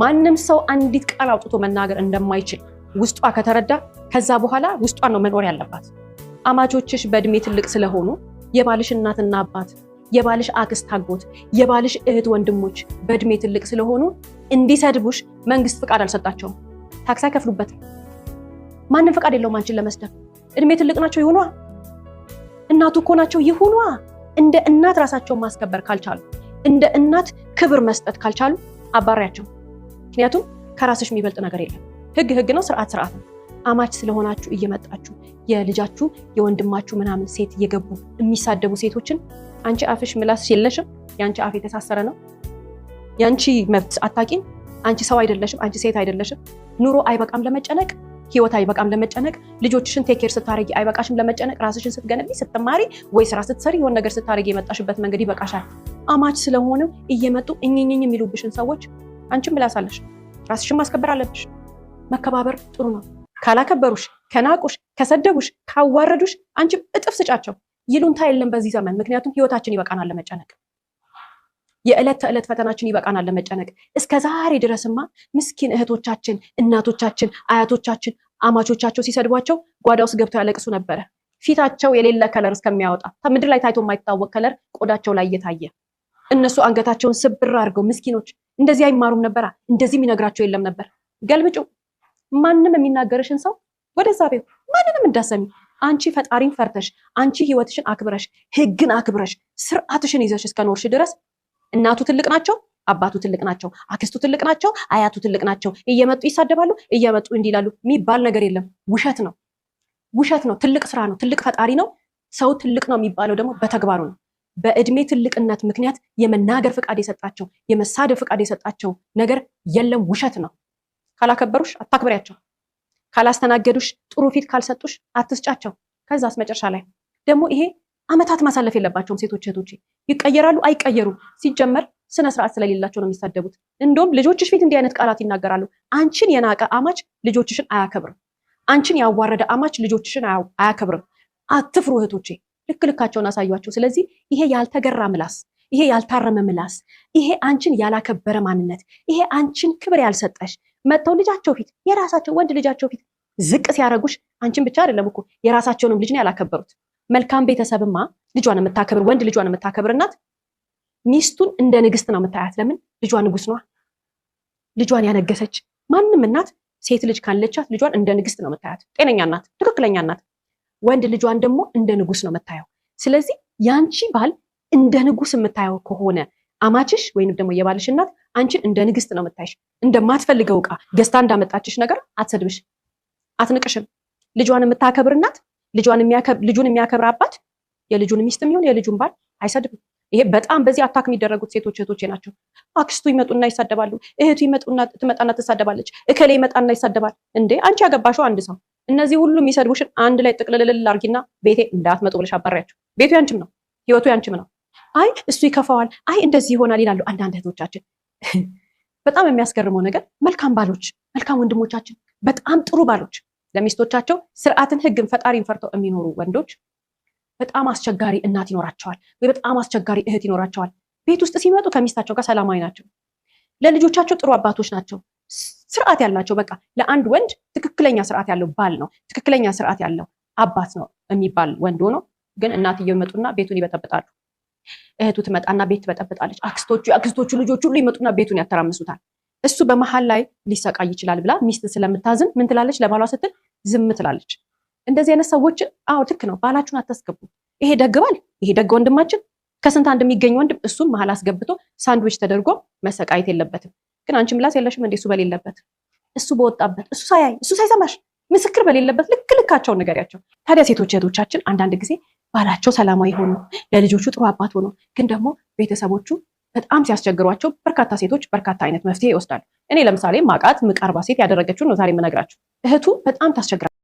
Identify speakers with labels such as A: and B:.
A: ማንም ሰው አንዲት ቃል አውጥቶ መናገር እንደማይችል ውስጧ ከተረዳ ከዛ በኋላ ውስጧ ነው መኖር ያለባት። አማቾችሽ በእድሜ ትልቅ ስለሆኑ የባልሽ እናትና አባት፣ የባልሽ አክስት አጎት፣ የባልሽ እህት ወንድሞች በእድሜ ትልቅ ስለሆኑ እንዲሰድቡሽ መንግስት ፍቃድ አልሰጣቸውም። ታክስ አይከፍሉበትም። ማንም ፍቃድ የለውም አንቺን ለመስደብ። እድሜ ትልቅ ናቸው ይሁኗ፣ እናቱ እኮ ናቸው ይሁኗ። እንደ እናት ራሳቸውን ማስከበር ካልቻሉ፣ እንደ እናት ክብር መስጠት ካልቻሉ አባሪያቸው ምክንያቱም ከራስሽ የሚበልጥ ነገር የለም። ህግ ህግ ነው፣ ስርዓት ስርዓት ነው። አማች ስለሆናችሁ እየመጣችሁ የልጃችሁ የወንድማችሁ ምናምን ሴት እየገቡ የሚሳደቡ ሴቶችን አንቺ አፍሽ ምላስ የለሽም፣ የአንቺ አፍ የተሳሰረ ነው፣ የአንቺ መብት አታቂም፣ አንቺ ሰው አይደለሽም፣ አንቺ ሴት አይደለሽም። ኑሮ አይበቃም ለመጨነቅ፣ ህይወት አይበቃም ለመጨነቅ፣ ልጆችሽን ቴኬር ስታደረጊ አይበቃሽም ለመጨነቅ። ራስሽን ስትገነቢ ስትማሪ፣ ወይ ስራ ስትሰሪ፣ የሆነ ነገር ስታደረጊ የመጣሽበት መንገድ ይበቃሻል። አማች ስለሆነ እየመጡ እኝኝኝ የሚሉብሽን ሰዎች አንቺም ብላሳለሽ ራስሽን ማስከበር አለብሽ። መከባበር ጥሩ ነው። ካላከበሩሽ፣ ከናቁሽ፣ ከሰደቡሽ፣ ካዋረዱሽ አንቺም እጥፍ ስጫቸው። ይሉንታ የለም በዚህ ዘመን። ምክንያቱም ህይወታችን ይበቃናል ለመጨነቅ፣ የዕለት ተዕለት ፈተናችን ይበቃናል ለመጨነቅ። እስከ ዛሬ ድረስማ ምስኪን እህቶቻችን፣ እናቶቻችን፣ አያቶቻችን አማቾቻቸው ሲሰድቧቸው ጓዳ ውስጥ ገብተው ያለቅሱ ነበረ። ፊታቸው የሌለ ከለር እስከሚያወጣ ምድር ላይ ታይቶ የማይታወቅ ከለር ቆዳቸው ላይ እየታየ እነሱ አንገታቸውን ስብር አድርገው ምስኪኖች እንደዚህ አይማሩም ነበራ፣ እንደዚህ የሚነግራቸው የለም ነበር። ገልብጩ። ማንም የሚናገርሽን ሰው ወደዛ ቤው ማንንም እንዳሰሚ አንቺ ፈጣሪን ፈርተሽ አንቺ ህይወትሽን አክብረሽ ህግን አክብረሽ ስርዓትሽን ይዘሽ እስከኖርሽ ድረስ እናቱ ትልቅ ናቸው፣ አባቱ ትልቅ ናቸው፣ አክስቱ ትልቅ ናቸው፣ አያቱ ትልቅ ናቸው። እየመጡ ይሳደባሉ፣ እየመጡ እንዲህ የሚባል ነገር የለም። ውሸት ነው፣ ውሸት ነው። ትልቅ ስራ ነው፣ ትልቅ ፈጣሪ ነው። ሰው ትልቅ ነው የሚባለው ደግሞ በተግባሩ ነው። በእድሜ ትልቅነት ምክንያት የመናገር ፍቃድ የሰጣቸው የመሳደብ ፍቃድ የሰጣቸው ነገር የለም፣ ውሸት ነው። ካላከበሩሽ አታክብሪያቸው፣ ካላስተናገዱሽ ጥሩ ፊት ካልሰጡሽ አትስጫቸው። ከዛስ መጨረሻ ላይ ደግሞ ይሄ አመታት ማሳለፍ የለባቸውም ሴቶች እህቶቼ። ይቀየራሉ አይቀየሩም፣ ሲጀመር ስነ ስርዓት ስለሌላቸው ነው የሚሳደቡት። እንደውም ልጆችሽ ፊት እንዲህ አይነት ቃላት ይናገራሉ። አንቺን የናቀ አማች ልጆችሽን አያከብርም። አንቺን ያዋረደ አማች ልጆችሽን አያከብርም። አትፍሩ እህቶቼ። ልክ ልካቸውን ስለዚህ ይሄ ያልተገራ ምላስ፣ ይሄ ያልታረመ ምላስ፣ ይሄ አንቺን ያላከበረ ማንነት፣ ይሄ አንቺን ክብር ያልሰጠሽ መጥተው ልጃቸው ፊት የራሳቸው ወንድ ልጃቸው ፊት ዝቅ ሲያደረጉሽ አንቺን ብቻ አይደለም እኮ የራሳቸውንም ልጅ ነው ያላከበሩት። መልካም ቤተሰብማ ልጇን የምታከብር ወንድ ልጇን የምታከብር እናት ሚስቱን እንደ ንግስት ነው የምታያት። ለምን ልጇ ንጉስ ነዋ። ልጇን ያነገሰች ማንም እናት ሴት ልጅ ካለቻት ልጇን እንደ ንግስት ነው የምታያት። ጤነኛ እናት፣ ትክክለኛ እናት ወንድ ልጇን ደግሞ እንደ ንጉስ ነው የምታየው። ስለዚህ ያንቺ ባል እንደ ንጉስ የምታየው ከሆነ አማችሽ ወይንም ደግሞ የባልሽ እናት አንቺን እንደ ንግስት ነው የምታይሽ። እንደማትፈልገው እቃ ገዝታ እንዳመጣችሽ ነገር አትሰድብሽ፣ አትንቅሽም። ልጇን የምታከብር እናት፣ ልጁን የሚያከብር አባት የልጁን ሚስት የሚሆን የልጁን ባል አይሰድብም። ይሄ በጣም በዚህ አታክ የሚደረጉት ሴቶች እህቶቼ ናቸው። አክስቱ ይመጡና ይሳደባሉ፣ እህቱ ትመጣና ትሳደባለች፣ እከሌ ይመጣና ይሳደባል። እንዴ አንቺ ያገባሽው አንድ ሰው እነዚህ ሁሉ የሚሰድቡሽን አንድ ላይ ጥቅልልልል አርጊና ቤቴ እንዳትመጡ ብለሽ አባሪያቸው። ቤቱ ያንችም ነው፣ ህይወቱ ያንችም ነው። አይ እሱ ይከፋዋል፣ አይ እንደዚህ ይሆናል ይላሉ አንዳንድ እህቶቻችን። በጣም የሚያስገርመው ነገር መልካም ባሎች፣ መልካም ወንድሞቻችን፣ በጣም ጥሩ ባሎች ለሚስቶቻቸው ስርዓትን፣ ህግን፣ ፈጣሪን ፈርተው የሚኖሩ ወንዶች በጣም አስቸጋሪ እናት ይኖራቸዋል ወይ በጣም አስቸጋሪ እህት ይኖራቸዋል። ቤት ውስጥ ሲመጡ ከሚስታቸው ጋር ሰላማዊ ናቸው። ለልጆቻቸው ጥሩ አባቶች ናቸው። ስርዓት ያላቸው በቃ ለአንድ ወንድ ትክክለኛ ስርዓት ያለው ባል ነው፣ ትክክለኛ ስርዓት ያለው አባት ነው የሚባል ወንድ ሆኖ ግን እናትየው ይመጡና ቤቱን ይበጠብጣሉ። እህቱ ትመጣና ቤት ትበጠብጣለች። አክስቶቹ አክስቶቹ ልጆች ሁሉ ይመጡና ቤቱን ያተራምሱታል። እሱ በመሀል ላይ ሊሰቃይ ይችላል ብላ ሚስት ስለምታዝን ምን ትላለች? ለባሏ ስትል ዝም ትላለች። እንደዚህ አይነት ሰዎች አዎ ትክ ነው፣ ባላችሁን አታስገቡ። ይሄ ደግ ባል፣ ይሄ ደግ ወንድማችን ከስንት አንድ የሚገኝ ወንድም፣ እሱም መሀል አስገብቶ ሳንድዊች ተደርጎ መሰቃየት የለበትም። ግን አንቺ ምላስ የለሽም እንዴ እሱ በሌለበት እሱ በወጣበት እሱ ሳያይ እሱ ሳይሰማሽ ምስክር በሌለበት ልክ ልካቸውን ንገሪያቸው። ታዲያ ሴቶች እህቶቻችን አንዳንድ ጊዜ ባላቸው ሰላማዊ ሆኖ ለልጆቹ ጥሩ አባት ሆኖ ግን ደግሞ ቤተሰቦቹ በጣም ሲያስቸግሯቸው በርካታ ሴቶች በርካታ አይነት መፍትሄ ይወስዳሉ። እኔ ለምሳሌ ማቃት ምቃርባ ሴት ያደረገችውን ነው ዛሬ የምነግራቸው። እህቱ በጣም ታስቸግራል።